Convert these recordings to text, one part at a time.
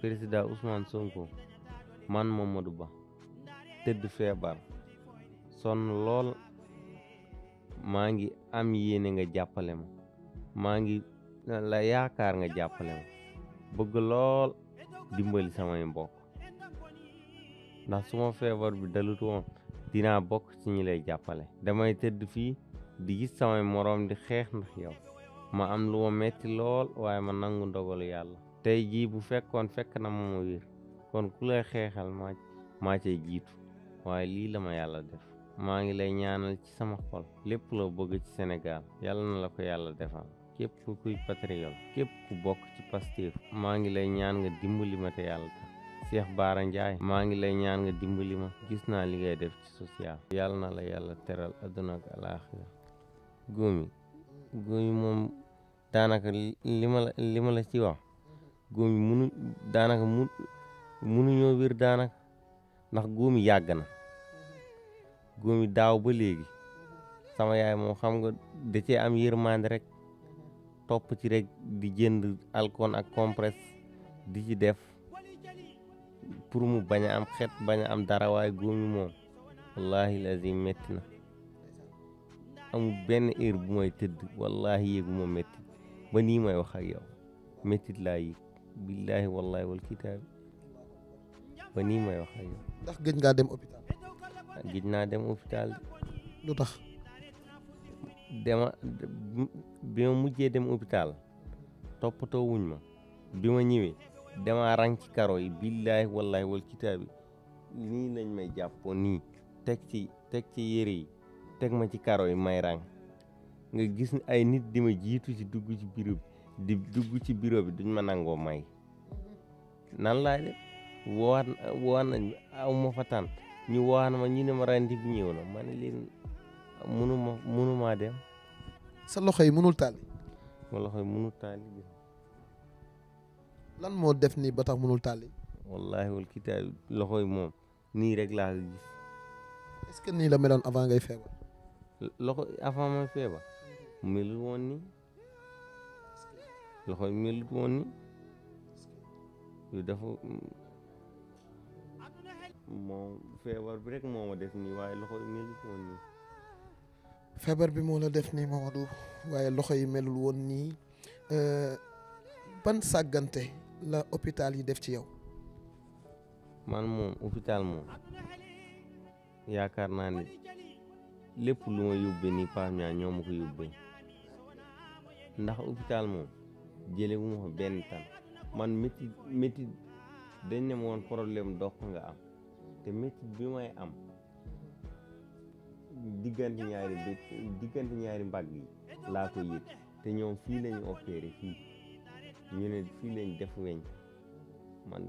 président Ousmane Sonko man Mamadou Ba tedd febar son lol mangi am yene nga jappale ma mangi la yaakar nga jappale ma bëgg lol dimbali sama mbokk ndax suma febar bi dalut won dina bok ci ñi lay jappale damay tedd fi di gis sama morom di xex ndax yow ma am lu metti lol waye ma nangu ndogalu yalla tey jii bu fekkoon fekk na ma wér kon ku lay xeexal maa maa cay jiitu waaye lii la ma yàlla def maa ngi lay ñaanal ci sama xol lépp loo bëgg ci Sénégal yàlla na la ko yàlla defal képp ku kuy képp ku bokk ci Pastef maa ngi lay ñaan nga dimbali ma te yàlla tax Cheikh Bara Ndiaye maa ngi lay ñaan nga dimbali ma gis naa li def ci social yàlla na la yàlla teral adduna ak alaaxira góomi góomi moom daanaka li ma la li ma la ci wa góom yi munu daanaka mu munuñoo wér daanaka ndax góom yi yàgg na góom daaw ba léegi sama yaay moom xam nga da cee am yërmande rek topp ci rek di jënd alcool ak compresse di ci def pour mu bañ a am xet bañ a am dara waaye góom yi moom wallaahi lazim métti na amul benn heure moo may tëdd wallaahi yéegu ma métti ba nii may wax ak yow méttit laa billahi wallahi wal kitab ba ni may wax ay ndax gëj nga dem hôpital gëj na dem hôpital lu tax dama bi ma mujjee dem hôpital topato wuñ ma bi ma dama rang ci karo yi billahi wallahi wal kitab ni nañ may jappo ni tek ci tek ci yéré tek ma ci karo yi may rang nga gis ay nit dima jitu ci dugg ci di dugg ci bureau bi duñ ma nangoo may nan laay def woowaat woowaat nañ aw fa tànn ñu woowaat ma ñu ne ma rendi bi ñëw na ma ne leen munu ma munu maa dem. sa loxo yi mënul taal. ma loxo yi mënul taal. lan moo def nii ba tax mënul taal. wallaahi wal kitaab loxo yi moom nii rek laa ko gis. est que nii la meloon avant ngay feebar. loxo avant ma feebar. melul woon nii. loxo yi melut woon ni dafa moom feebar bi rek moo ma def nii waaye loxo yi feebar bi moo la def nii Mamadou waaye loxo yi melul woon nii ban sàggante la hôpital yi def ci yow. man moom hôpital moom yaakaar naa ne lépp lu ma yóbbee nii Pape Niang ñoo ko yóbbee ndax hôpital moom. jëlewuma fa benn tan man métit métit dañ ne ma problème dox nga am te métit bi may am diggante ñaari bët diggante yi laa ko yëg te ñoom fii lañu opéré fii ñu ne fii lañ def weñ man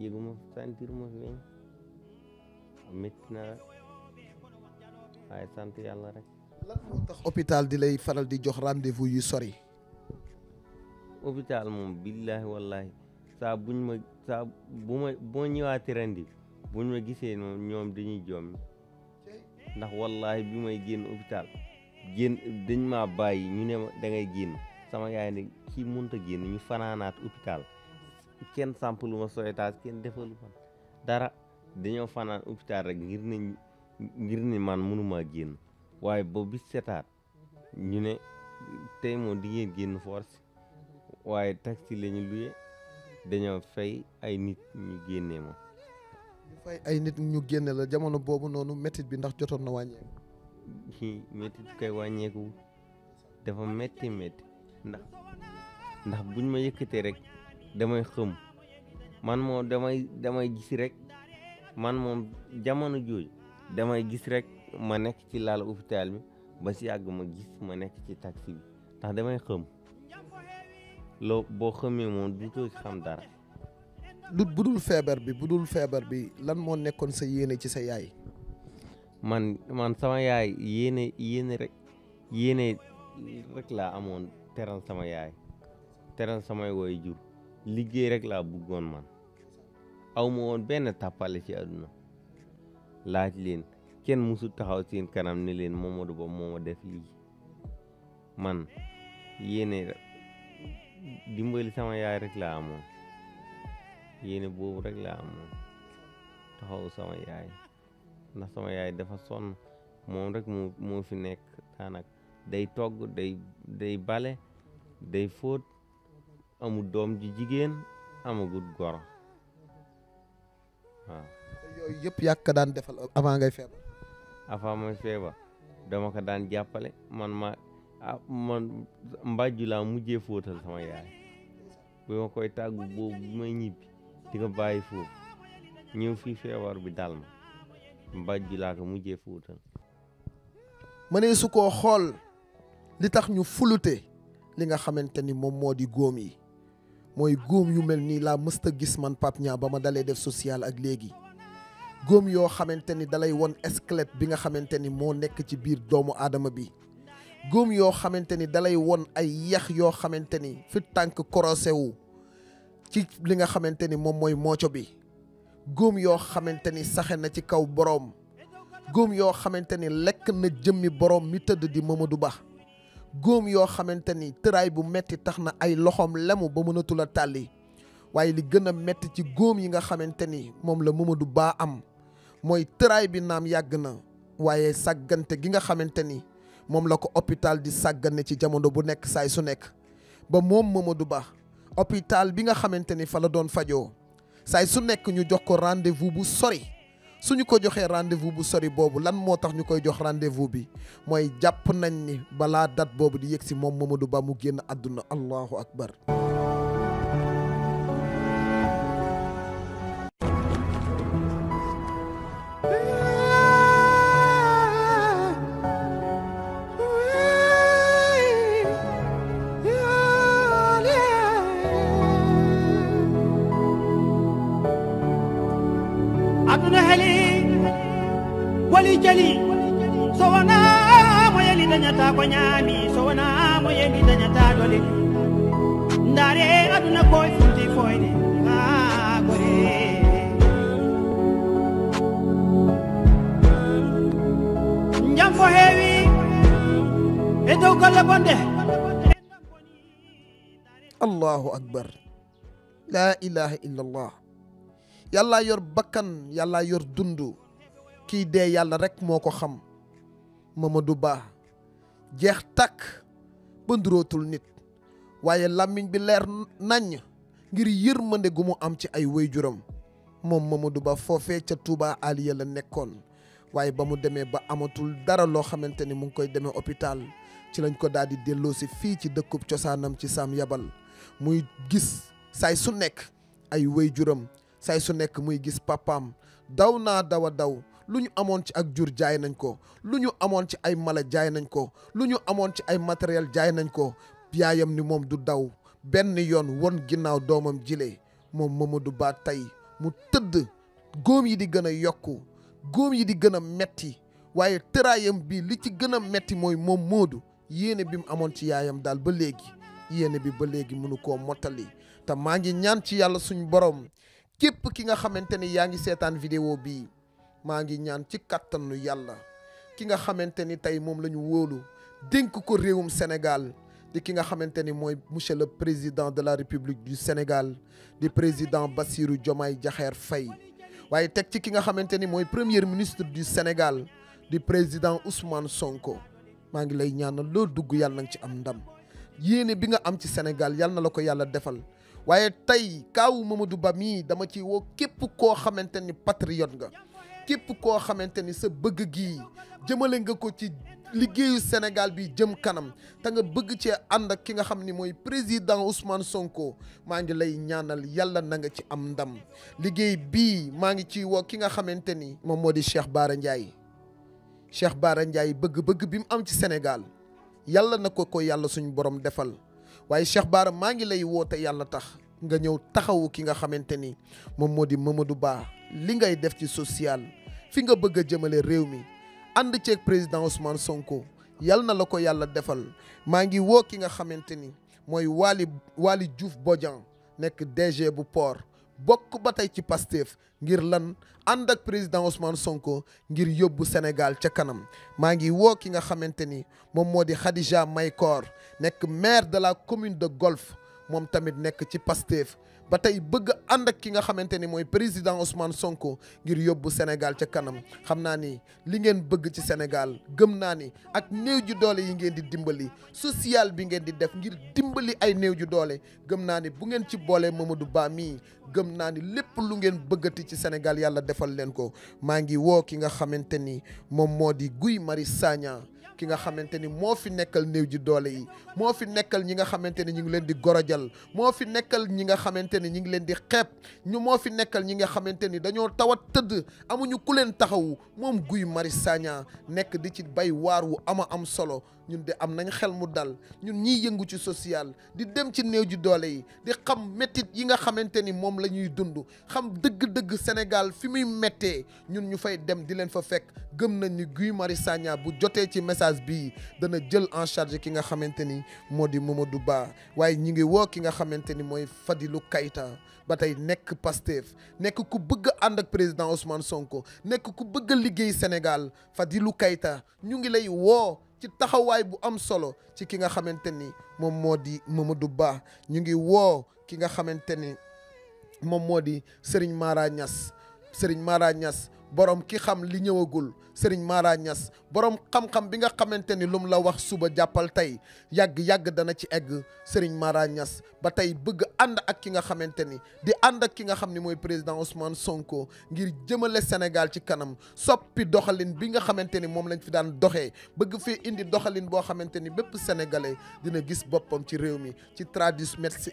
yëguma sentir ma weñ métti na rek waaye sant yàlla rek lan moo tax hôpital di lay faral di jox rendez-vous yu sori hôpital moom billaahi wallaahi saa buñ ma saa bu ma boo ñëwaati rendi buñ ma gisee moom ñoom dañuy joomi ndax wallaahi bi may génn hôpital génn dañ maa bàyyi ñu ne ma da ngay génn sama yaay ne kii mënut a génn ñu fanaanaat hôpital kenn sampalu ma soytaas kenn defalu ma dara dañoo fanaan hôpital rek ngir ne ngir ne man mënumaa génn waaye ba bis setaat ñu ne tey moom di ngeen génn force waaye taxi la ñu luye dañoo fay ay nit ñu génnee ma. ñu fay ay nit ñu génne la jamono boobu noonu métit bi ndax jotoon na wàññeeku. métit kay wàññeeku dafa metti métti ndax ndax buñ ma yëkkatee rek damay xëm man moom damay damay gis rek man moom jamono jooju damay gis rek ma nekk ci laal hôpital bi ba si yàgg ma gis ma nekk ci taxi bi ndax damay xëm. loo boo xamee moom du ko xam dara. lu bu feebar bi budul feebar bi lan moo nekkoon sa yéene ci sa yaay. man man sama yaay yéene yéene rek yéene rek laa amoon teral sama yaay teral samay woy jur liggéey rek laa buggoon man awma woon benn tàppale ci àdduna laaj leen kenn musul taxaw seen kanam ni leen Mamadou Ba moo def lii man yéene dimbali sama yaay rek laa amoon yéene boobu rek laa amoon taxaw sama yaay ndax sama yaay dafa son moom rek moo fi nekk daanak day togg day day bale day fóot amul doom ji jigéen amagut goro waaw. yooyu yëpp yàq daan defal avant ngay feebar. avant may dama ko daan jàppale man ma. ah mbàjju laa mujjee fóotal sama yaay bu ma koy tàggu boobu bi may ñibbi di nga bàyyi foofu ñëw fii feebar bi dal ma mbàjju laa ko mujjee fóotal ma ne su koo xool li tax ñu fulute li nga xamante ni moom moo di góom yi mooy góom yu mel nii laa mësta gis man Pape Niang ba ma dalee def social ak léegi góom yoo xamante ni dalay won squelette bi nga xamante ni moo nekk ci biir doomu aadama bi góom yoo xamante ni dalay won ay yax yoo xamante ni fi tànk korosé wu ci li nga xamante ni moom mooy mooco bi góom yoo xamante ni saxe na ci kaw boroom góom yoo xamante ni lekk na jëmmi boroom mi tëdd di du Ba góom yoo xamante ni tëraay bu metti tax na ay loxoom lemu ba mënatul a tàlli waaye li gën a metti ci góom yi nga xamante ni moom la du baa am mooy tëraay bi naam yàgg na waaye sàggante gi nga xamante ni moom la ko hôpital di sàggane ci jamono bu nekk saay su nekk ba moom du Ba hôpital bi nga xamante ni fa la doon fajoo saay su nekk ñu jox ko rendez vu bu sori ñu ko joxee rendez-vous bu sori boobu lan moo tax ñu koy jox rendez-vous bi mooy jàpp nañ ni balaa dat boobu di yegg si moom Mamadou Ba mu génn àdduna allahu akbar ko nyami sowona mo yemi dañata dole ndaare aduna koy fulti foyde ma gore jam ko heewi e dow bonde allahu akbar la ilaha illallah Yalla yor bakkan yàlla yor dund kii dee yàlla rek moo xam Mamadou Ba jeex tàkk ba ndurootul nit waaye làmmiñ bi leer naññ ngir yërmande gu mu am ci ay waajuram moom Mamadou Ba foofee ca Touba Aliya la nekkoon waaye ba mu demee ba amatul dara loo xamante ni mu ngi koy demee hôpital ci lañ ko daal di delloosi fii ci dëkkub cosaanam ci Sam Yabal muy gis saay su nekk ay waajuram saay su nekk muy gis papaam daw naa daw a daw lu ñu amoon ci ak jur jaay nañ ko lu ñu amoon ci ay mala jaay nañ ko lu ñu amoon ci ay matériel jaay nañ ko yaayam ni moom du daw benn yoon won ginnaaw doomam jile moom du Ba tey mu tëdd góom yi di gën a yokku góom yi di gën a metti waaye tëraayam bi li ci gën a metti mooy moom moodu yéene bi mu amoon ci yaayam daal ba léegi yéene bi ba léegi mënu ko mottali te maa ngi ñaan ci yàlla suñu borom képp ki nga xamante ni yaa ngi seetaan vidéo bii maa ngi ñaan ci kàttanu yàlla ki nga xamante ni tey moom la ñu wóolu dénk ko réewum Sénégal di ki nga xamante ni mooy monsieur le président de la république du Sénégal di président Bassirou Diomaye Diakhar Faye waaye teg ci ki nga xamante ni mooy premier ministre du Sénégal di président Ousmane Sonko maa ngi lay ñaan loo dugg yàlla na nga ci am ndam yéene bi nga am ci Sénégal yàlla na la ko yàlla defal waaye tey kaawu Mamadou Ba mii dama ci woo képp koo xamante ni patriote nga képp koo xamante ni sa bëgg gii jëmale nga ko ci liggéeyu Sénégal bi jëm kanam te nga bëgg cee ànd ak ki nga xam ni mooy président Ousmane Sonko maa ngi lay ñaanal yàlla na nga ci am ndam liggéey bii maa ngi ci woo ki nga xamante ni moom moo di Cheikh Bara Ndiaye Cheikh Bara Ndiaye bëgg-bëgg bi mu am ci Sénégal yàlla na ko ko yàlla suñu borom defal waaye Cheikh Bara maa ngi lay woote yàlla tax nga ñëw taxawu ki nga xamante ni moom moo di du Ba li ngay def ci social fi nga bëgg a jëmale réew mi ànd ceeg président Ousmane Sonko yal na la ko yàlla defal maa ngi woo ki nga xamante ni mooy Waly Waly Diouf Bodian nekk DG bu port bokk ba tey ci Pastef ngir lan ànd ak président Ousmane Sonko ngir yóbbu Sénégal ca kanam maa ngi woo ki nga xamante ni moom moo di Khadija Maykor nekk maire de la commune de Golf moom tamit nekk ci Pastef ba tey bëgg ànd ak ki nga xamante ni mooy président Ousmane Sonko ngir yóbbu Sénégal ca kanam xam naa ni li ngeen bëgg ci Sénégal gëm naa ni ak néew ju doole yi ngeen di dimbali social bi ngeen di def ngir dimbali ay néew ju doole gëm naa ni bu ngeen ci boole Mamadou Ba mii gëm naa ni lépp lu ngeen bëggati ci Sénégal yàlla defal leen ko maa ngi woo ki nga xamante ni moom moo di Guy Marius Sagna ki nga xamante ni moo fi nekkal néew ji doole yi moo fi nekkal ñi nga xamante ni ñu ngi leen di gorojal moo fi nekkal ñi nga xamante ni ñu ngi leen di xeeb ñu moo fi nekkal ñi nga xamante ni dañoo tawat tëdd amuñu ku leen taxawu moom Guy Marius Sagna nekk di ci bay waar wu ama am solo ñun de am nañ xel mu dal ñun ñiy yëngu ci social di dem ci néew ji doole yi di xam métit yi nga xamante ni moom la ñuy dund xam dëgg-dëgg Sénégal fi muy méttee ñun ñu fay dem di leen fa fekk gëm nañ ni Guy mari Sagna bu jotee ci message village bi dana jël en charge ki nga xamante ni moo di du baa waaye ñi ngi woo ki nga xamante ni mooy fadilu Keïta ba tey nekk Pastef nekk ku bëgg ànd ak président Ousmane Sonko nekk ku bëgg liggéey Sénégal fadilu Keïta ñu ngi lay woo ci taxawaay bu am solo ci ki nga xamante ni moom moo di du baa ñu ngi woo ki nga xamante ni moom moo di Serigne Mara Niass Serigne Mara Niass borom ki xam li ñëwagul Serigne marañas Niass borom xam-xam bi nga xamante ni lum la wax suba jàppal tey yàgg-yàgg dana ci egg Serigne marañas ba tey bëgg ànd ak ki nga xamante ni di ànd ak ki nga xam ni mooy président Ousmane Sonko ngir jëmale Sénégal ci kanam soppi doxalin bi nga xamante ni moom lañ fi daan doxee bëgg fi indi doxalin boo xamante ni bépp sénégalais dina gis boppam ci réew mi ci tradi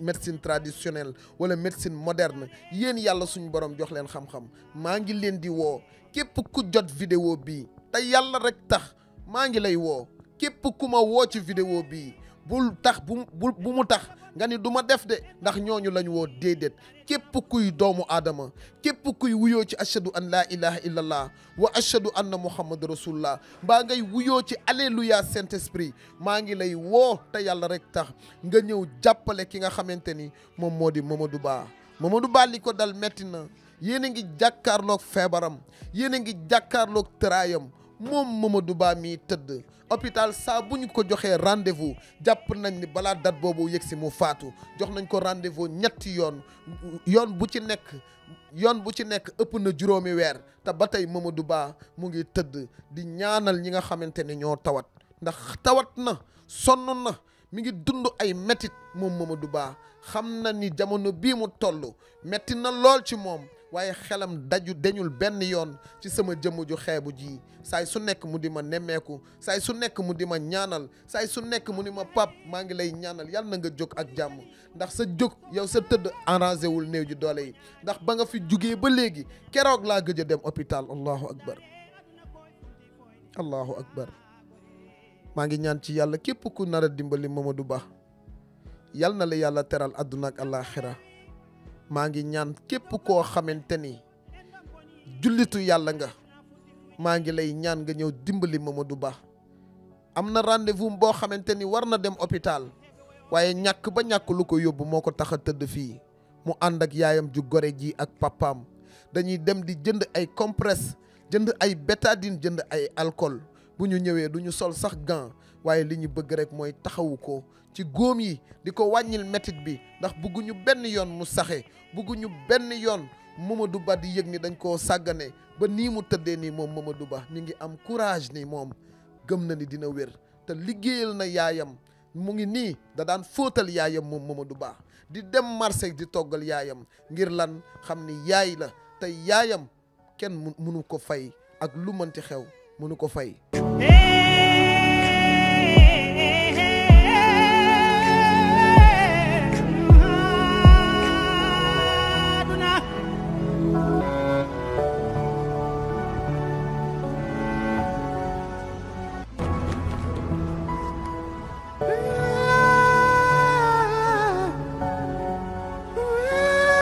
médecine traditionnelle wala médecine moderne yéen yàlla suñu borom jox leen xam maa ngi leen di woo képp ku jot vidéo bii te yàlla rek tax maa ngi lay woo képp ku ma woo ci vidéo bi bul tax bu bu mu tax nga ni duma def de ndax ñooñu lañ woo déedéet képp kuy doomu aadama képp kuy wuyoo ci ashadu an laa illah illallah wa ashadu anna muhammad rasulullah mbaa ngay wuyoo ci alléluia saint esprit maa ngi lay woo te yàlla rek tax nga ñëw jàppale ki nga xamante ni moom moo di Mamadou Ba Mamadou Ba li ko dal metti na yéen a ngi jàkkaarlook feebaram yéen a ngi jàkkaarloog tëraayam moom Mamadou Ba mii tëdd hôpital saa bu ñu ko joxee rendez-vous jàpp nañ ni balaa date boobu yegg si mu faatu jox nañ ko rendez ñetti yoon yoon bu ci nekk yoon bu ci nekk ëpp na juróomi weer te ba tey Mamadou Ba mu ngi tëdd di ñaanal ñi nga xamante ne ñoo tawat ndax tawat na sonn na mi ngi dund ay métit moom Mamadou Ba xam na ni jamono bii mu tollu métti na lool ci moom waaye xelam daju deñul benn yoon ci sama jëmm ju xeebu ji saay su nekk mu di ma nemmeeku saay su nekk mu di ma ñaanal saay su nekk mu di ma pap maa ngi lay ñaanal yàlla na nga jóg ak jàmm ndax sa jóg yow sa tëdd arrangé wul néew ji doole yi ndax ba nga fi jugee ba léegi keroog laa gëj a dem hôpital allahu akbar allahu akbar maa ngi ñaan ci yàlla képp ku nar a dimbali ma ma du baax yal na la yàlla teral àdduna ak àllaaxira maa ngi ñaan képp koo xamante ni jullitu yàlla nga maa ngi lay ñaan nga ñëw dimbali du baax am na rendez boo xamante ni war na dem hôpital waaye ñàkk ba ñàkk lu ko yóbbu moo ko tax a tëdd fii mu ànd ak yaayam ju gore ji ak papaam dañuy dem di jënd ay compresse jënd ay bétadine jënd ay alcool bu ñu ñëwee du ñu sol sax gant waaye li ñu bëgg rek mooy taxawu ko ci góom yi di ko wàññil métit bi ndax bëgguñu benn yoon mu saxe bëgguñu benn yoon Mamadou Ba di yëg ni dañ koo sàggane ba nii mu tëddee nii moom Mamadou Ba mi ngi am courage ni moom gëm na ni dina wér te liggéeyal na yaayam mu ngi nii da daan fóotal yaayam moom Mamadou Ba di dem marché di toggal yaayam ngir lan xam ni yaay la te yaayam kenn mënu ko fay ak lu mënti xew mënu ko fay